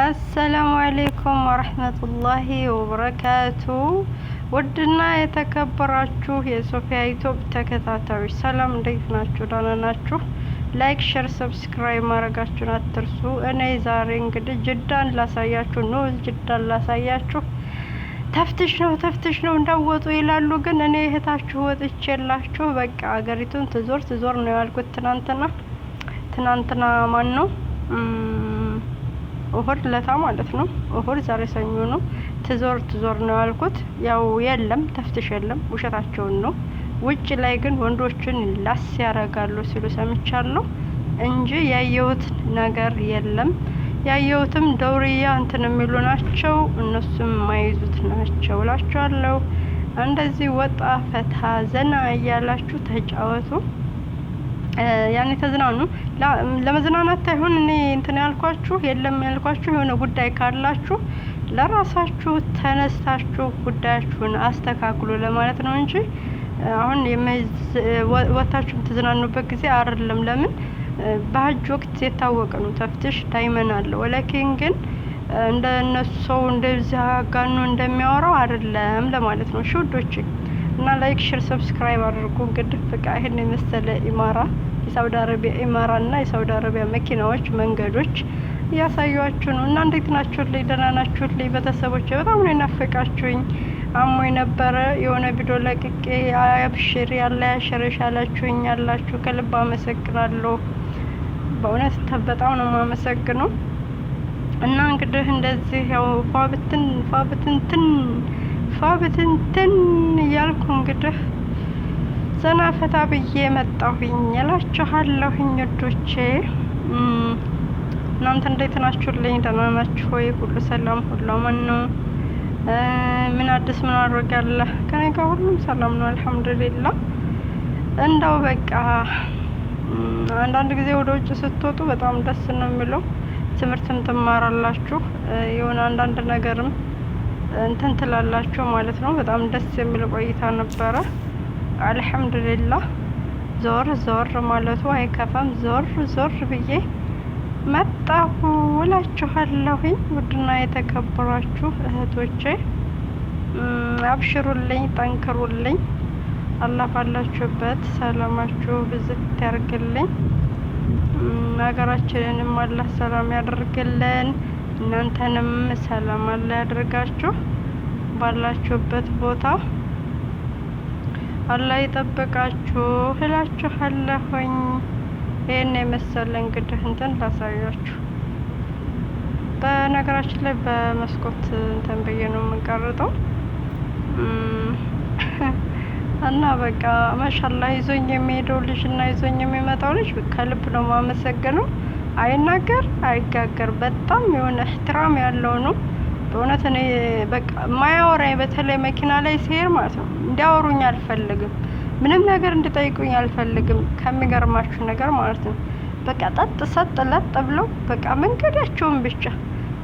አሰላሙ አሌይኩም ወረህመቱላሂ ወበረካቱ። ውድና የተከበራችሁ የሶፊያ ዩቱብ ተከታታዮች ሰላም፣ እንዴት ናችሁ? ደህና ናችሁ? ላይክ፣ ሸር፣ ሰብስክራይብ ማድረጋችሁን አትርሱ። እኔ ዛሬ እንግዲህ ጅዳን ላሳያችሁ ነው። ጅዳን ላሳያችሁ ተፍትሽ ነው ተፍትሽ ነው እንዳወጡ ይላሉ። ግን እኔ እህታችሁ ወጥቼ የላችሁ በቃ አገሪቱን ትዞር ትዞር ነው ያልኩት። ትናንትና ትናንትና ማን ነው እሁድ ለታ ማለት ነው። እሁድ ዛሬ ሰኞ ነው። ትዞር ትዞር ነው ያልኩት። ያው የለም ተፍትሽ የለም፣ ውሸታቸውን ነው። ውጭ ላይ ግን ወንዶችን ላስ ያደርጋሉ ሲሉ ሰምቻለሁ እንጂ ያየሁት ነገር የለም። ያየሁትም ደውርያ እንትን የሚሉ ናቸው። እነሱም የማይዙት ናቸው እላችኋለሁ። እንደዚህ ወጣ ፈታ ዘና እያላችሁ ተጫወቱ። ያኔ ተዝናኑ። ለመዝናናት ሳይሆን እኔ እንትን ያልኳችሁ የለም ያልኳችሁ የሆነ ጉዳይ ካላችሁ ለራሳችሁ ተነስታችሁ ጉዳያችሁን አስተካክሉ ለማለት ነው እንጂ አሁን ወታችሁ የምትዝናኑበት ጊዜ አይደለም። ለምን በሀጅ ወቅት የታወቀ ነው ተፍትሽ ዳይመን አለ። ወላኪን ግን እንደ እነሱ ሰው እንደዚህ አጋኑ እንደሚያወራው አይደለም ለማለት ነው ሽውዶች እና ላይክ ሽር ሰብስክራይብ አድርጉ። እንግዲህ በቃ ይህን የመሰለ ኢማራ የሳውዲ አረቢያ ኢማራ እና የሳውዲ አረቢያ መኪናዎች፣ መንገዶች እያሳዩችሁ ነው እና እንዴት ናችሁልኝ? ደህና ናችሁልኝ? ቤተሰቦች በጣም ነው የናፈቃችሁኝ። አሞ የነበረ የሆነ ቪዲዮ ለቅቄ አብሽር ያለ ያሸረሽ ያላችሁኝ ያላችሁ ከልብ አመሰግናለሁ። በእውነት በጣም ነው የማመሰግነው እና እንግዲህ እንደዚህ ያው ፏብትን ፏብትንትን ብትንትን እያልኩ እንግዲህ ዘና ፈታ ብዬ መጣሁኝ እላችኋለሁኝ ወዶቼ። እናንተ እንዴት ናችሁልኝ? ደህና ናችሁ ወይ? ሁሉ ሰላም፣ ሁሉ አማን ነው? ምን አዲስ ምን አድርግ አለ? ከኔ ጋር ሁሉም ሰላም ነው፣ አልሐምዱሊላ። እንደው በቃ አንዳንድ ጊዜ ወደ ውጭ ስትወጡ በጣም ደስ ነው የሚለው። ትምህርትም ትማራላችሁ የሆነ አንዳንድ ነገርም እንትን ትላላችሁ ማለት ነው። በጣም ደስ የሚል ቆይታ ነበረ። አልሐምዱሊላህ ዞር ዞር ማለቱ አይከፋም። ዞር ዞር ብዬ መጣሁ እላችኋለሁኝ። ውድና የተከበራችሁ እህቶቼ አብሽሩልኝ፣ ጠንክሩልኝ። አላህ ባላችሁበት ሰላማችሁ ብዝት ያርግልኝ። ሀገራችንንም አላህ ሰላም ያደርግልን። እናንተንም ሰላም አላ ያደርጋችሁ። ባላችሁበት ቦታ አላህ ይጠብቃችሁ እላችኋለሁኝ። ይህን የመሰለ እንግዲህ እንትን ላሳያችሁ። በነገራችን ላይ በመስኮት እንትን ብዬ ነው የምንቀርጠው እና በቃ መሻላ ይዞኝ የሚሄደው ልጅ እና ይዞኝ የሚመጣው ልጅ ከልብ ነው ማመሰግነው። አይናገር አይጋገር በጣም የሆነ እህትራም ያለው ነው። በእውነት እኔ በቃ የማያወራኝ በተለይ መኪና ላይ ሲሄድ ማለት ነው እንዲያወሩኝ አልፈልግም። ምንም ነገር እንድጠይቁኝ አልፈልግም። ከሚገርማችሁ ነገር ማለት ነው በቃ ጠጥ ሰጥ ለጥ ብለው በቃ መንገዳቸውን ብቻ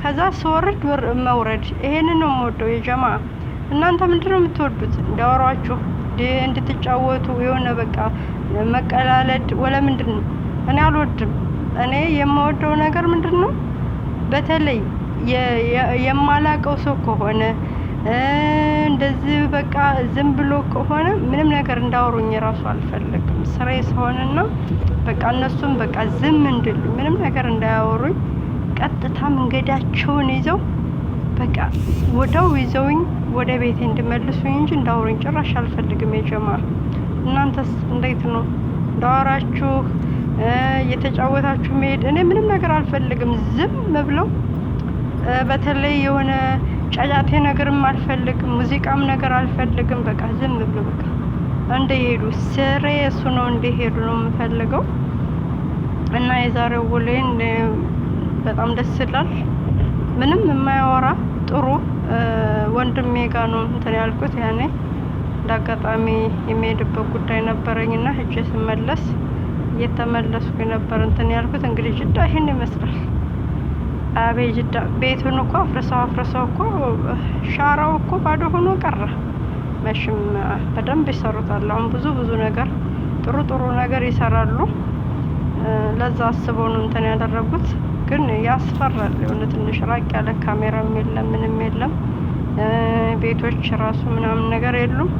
ከዛ ስወርድ መውረድ ይሄንን ነው የምወደው። የጀማ እናንተ ምንድን ነው የምትወዱት? እንዲያወሯችሁ እንድትጫወቱ የሆነ በቃ መቀላለድ ወለ ነው እኔ አልወድም። እኔ የማወደው ነገር ምንድን ነው? በተለይ የማላቀው ሰው ከሆነ እንደዚህ በቃ ዝም ብሎ ከሆነ ምንም ነገር እንዳወሩኝ ራሱ አልፈልግም። ስራዬ ስሆንና በቃ እነሱም በቃ ዝም እንድል ምንም ነገር እንዳያወሩኝ ቀጥታ መንገዳቸውን ይዘው በቃ ወደው ይዘውኝ ወደ ቤቴ እንድመልሱኝ እንጂ እንዳወሩኝ ጭራሽ አልፈልግም። የጀማ እናንተስ እንዴት ነው? እንዳወራችሁ እየተጫወታችሁ መሄድ እኔ ምንም ነገር አልፈልግም። ዝም ብለው በተለይ የሆነ ጫጫቴ ነገርም አልፈልግም፣ ሙዚቃም ነገር አልፈልግም። በቃ ዝም ብሎ በቃ እንደሄዱ ስሬ እሱ ነው እንደሄዱ ነው የምፈልገው። እና የዛሬው ውሌን በጣም ደስ ይላል። ምንም የማያወራ ጥሩ ወንድሜ ጋ ነው እንትን ያልኩት። ያኔ እንዳጋጣሚ የሚሄድበት ጉዳይ ነበረኝና ሂጄ ስመለስ እየተመለስኩ ነበር እንትን ያልኩት እንግዲህ ጅዳ ይህን ይመስላል። አቤ ጅዳ ቤቱን እኮ አፍርሰው አፍርሰው እኮ ሻራው እኮ ባዶ ሆኖ ቀረ። መሽም በደንብ ይሰሩታል። አሁን ብዙ ብዙ ነገር ጥሩ ጥሩ ነገር ይሰራሉ። ለዛ አስበው ነው እንትን ያደረጉት። ግን ያስፈራል። የሆነ ትንሽ ራቅ ያለ ካሜራም የለም ምንም የለም። ቤቶች ራሱ ምናምን ነገር የሉም።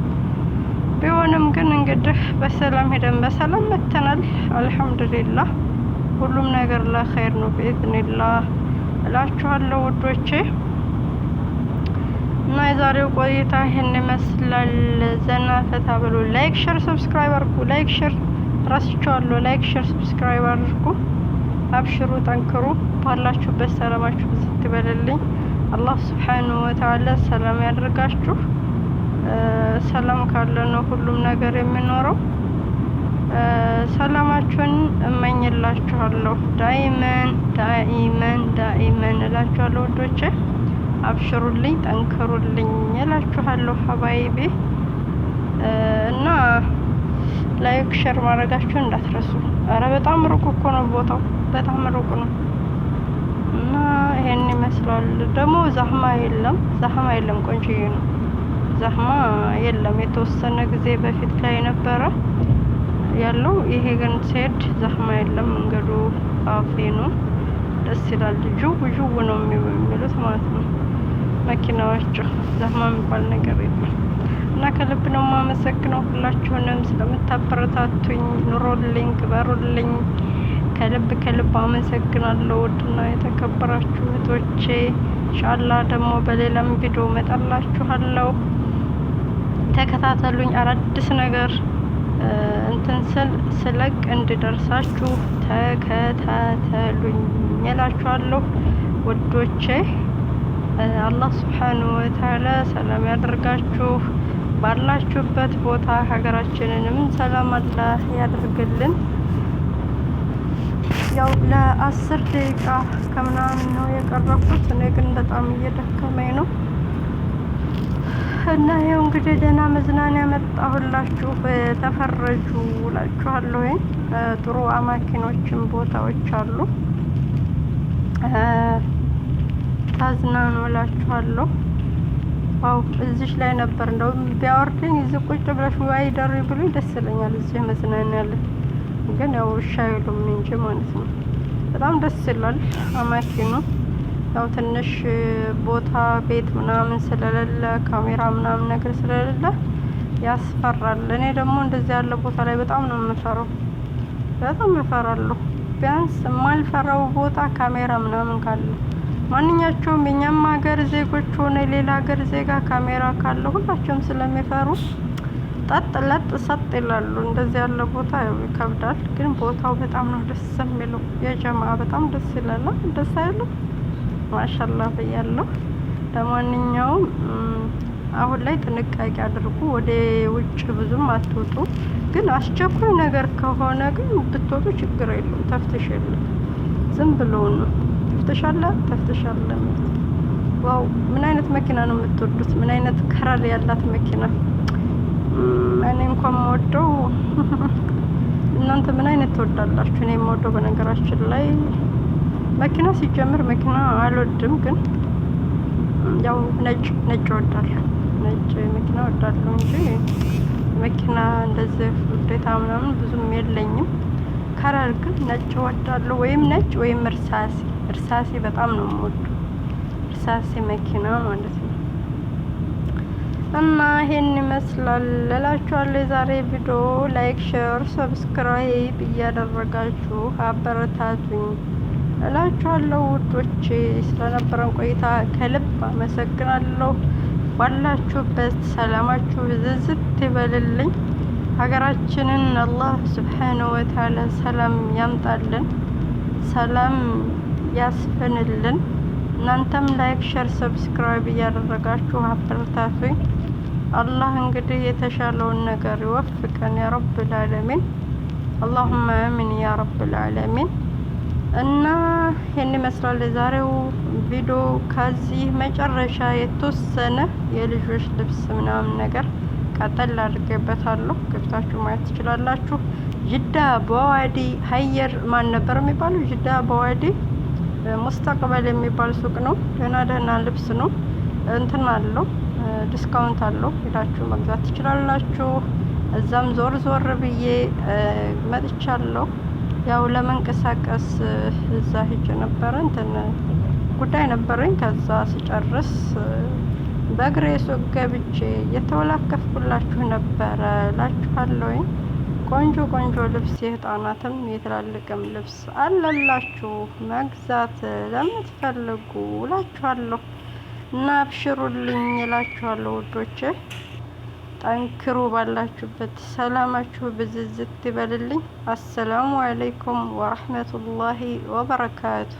ቢሆንም ግን እንግዲህ በሰላም ሄደን በሰላም መተናል። አልሐምዱሊላህ ሁሉም ነገር ለኸይር ነው ቢኢዝኒላህ እላችኋለሁ ውዶቼ። እና የዛሬው ቆይታ ይህን ይመስላል። ዘና ፈታ ብሎ ላይክ ሸር ሰብስክራይብ አድርጉ። ላይክ ሸር ረስቸዋለሁ። ላይክ ሸር ሰብስክራይብ አድርጉ። አብሽሩ፣ ጠንክሩ። ባላችሁበት ሰላማችሁ ብዝት ይበልልኝ። አላህ ስብሓንሁ ወተዓላ ሰላም ያደርጋችሁ። ሰላም ካለ ነው ሁሉም ነገር የሚኖረው። ሰላማችሁን እመኝላችኋለሁ። ዳይመን ዳይመን ዳይመን እላችኋለሁ ወዶቼ፣ አብሽሩልኝ፣ ጠንክሩልኝ እላችኋለሁ ሀባይቤ እና ላይክ ሸር ማድረጋችሁን እንዳትረሱ። አረ በጣም ሩቅ እኮ ነው ቦታው፣ በጣም ሩቅ ነው እና ይሄን ይመስላል። ደግሞ ዛህማ የለም፣ ዛህማ የለም። ቆንጆዬ ነው። ዛህማ የለም። የተወሰነ ጊዜ በፊት ላይ ነበረ ያለው። ይሄ ግን ሲሄድ ዛህማ የለም። መንገዱ አፌ ነው። ደስ ይላል። ጅው ጅው ነው የሚሉት ማለት ነው መኪናዎቹ። ዛህማ የሚባል ነገር የለም። እና ከልብ ነው የማመሰግነው ሁላችሁንም ስለምታበረታቱኝ። ኑሮልኝ፣ ግበሩልኝ። ከልብ ከልብ አመሰግናለሁ። ውድና የተከበራችሁ እህቶቼ ሻላ ደግሞ በሌላም ቪዲዮ መጣላችኋለሁ። ተከታተሉኝ። አዳዲስ ነገር እንትን ስል ስለቅ እንድደርሳችሁ ተከታተሉኝ እላችኋለሁ ወዶቼ። አላህ ስብሓን ወተዓላ ሰላም ያደርጋችሁ ባላችሁበት ቦታ ሀገራችንንም ሰላም አላ ያደርግልን። ያው ለአስር ደቂቃ ከምናምን ነው የቀረብኩት። እኔ ግን በጣም እየደከመኝ ነው። እና ይኸው እንግዲህ ደህና መዝናኛ መጣሁላችሁ። ተፈረጁ እላችኋለሁ። ጥሩ አማኪኖችን ቦታዎች አሉ፣ ታዝናኑ እላችኋለሁ። ዋው እዚሽ ላይ ነበር እንደው ቢያወርደኝ እዚህ ቁጭ ብለሽ ዋይ ደሪ ብሎ ደስ ይለኛል። እዚህ መዝናኛ አለ፣ ግን ያው እሺ አይሉም እንጂ ማለት ነው። በጣም ደስ ይላል አማኪኑ ያው ትንሽ ቦታ ቤት ምናምን ስለሌለ ካሜራ ምናምን ነገር ስለሌለ ያስፈራል። እኔ ደግሞ እንደዚህ ያለ ቦታ ላይ በጣም ነው የምፈራው፣ በጣም እፈራለሁ። ቢያንስ የማልፈራው ቦታ ካሜራ ምናምን ካለ ማንኛቸውም የኛም ሀገር ዜጎች ሆነ ሌላ ሀገር ዜጋ ካሜራ ካለ ሁላቸውም ስለሚፈሩ ጠጥ ለጥ ሰጥ ይላሉ። እንደዚህ ያለ ቦታ ይከብዳል። ግን ቦታው በጣም ነው ደስ የሚለው። የጀማ በጣም ደስ ይላል። ደስ አይልም? ማሻላ ብያለሁ። ለማንኛውም አሁን ላይ ጥንቃቄ አድርጉ። ወደ ውጭ ብዙም አትወጡ፣ ግን አስቸኳይ ነገር ከሆነ ግን ብትወጡ ችግር የለም ተፍትሽ የለም፣ ዝም ብሎ ነው ተፍትሽ ተፍትሻለ። ዋው ምን አይነት መኪና ነው የምትወዱት? ምን አይነት ከራል ያላት መኪና እኔ እንኳን የምወደው እናንተ ምን አይነት ትወዳላችሁ? እኔ የምወደው በነገራችን ላይ መኪና ሲጀምር መኪና አልወድም፣ ግን ያው ነጭ ነጭ እወዳለሁ። ነጭ መኪና እወዳለሁ እንጂ መኪና እንደዚህ ውዴታ ምናምን ብዙም የለኝም። ከረር ግን ነጭ እወዳለሁ፣ ወይም ነጭ ወይም እርሳሴ። እርሳሴ በጣም ነው የምወዱ፣ እርሳሴ መኪና ማለት ነው። እና ይሄን ይመስላል እላችኋለሁ። የዛሬ ቪዲዮ ላይክ፣ ሼር፣ ሰብስክራይብ እያደረጋችሁ አበረታቱኝ። እላችኋለሁ ውዶቼ። ስለነበረን ቆይታ ከልብ አመሰግናለሁ። ባላችሁበት ሰላማችሁ ዝዝት ይበልልኝ። ሀገራችንን አላህ ስብሓነ ወተዓላ ሰላም ያምጣልን፣ ሰላም ያስፍንልን። እናንተም ላይክ፣ ሸር፣ ሰብስክራይብ እያደረጋችሁ አበረታቱኝ። አላህ እንግዲህ የተሻለውን ነገር ይወፍቀን። ያ ረብል ዓለሚን አላሁማ አሚን ያ ረብል እና ይህን ይመስላል የዛሬው ቪዲዮ። ከዚህ መጨረሻ የተወሰነ የልጆች ልብስ ምናምን ነገር ቀጠል አድርጌበታለሁ። ገብታችሁ ማየት ትችላላችሁ። ጅዳ በዋዲ ሀየር ማን ነበር የሚባለው? ጅዳ በዋዲ ሙስተቅበል የሚባል ሱቅ ነው። ደህና ደህና ልብስ ነው። እንትን አለው ዲስካውንት አለው። ሄዳችሁ መግዛት ትችላላችሁ። እዛም ዞር ዞር ብዬ መጥቻለሁ። ያው ለመንቀሳቀስ እዛ ሄጄ ነበረ እንትን ጉዳይ ነበረኝ። ከዛ ስጨርስ በእግሬ ሱቅ ገብቼ እየተወላከፍኩላችሁ ነበረ ላችኋለሁኝ። ቆንጆ ቆንጆ ልብስ የህፃናትም የትላልቅም ልብስ አለላችሁ መግዛት ለምትፈልጉ እላችኋለሁ እና አብሽሩልኝ እላችኋለሁ ውዶቼ። ጠንክሮ ባላችሁበት ሰላማችሁ ብዝዝት ይበልልኝ። አሰላሙ አለይኩም ወረህመቱላሂ ወበረካቱ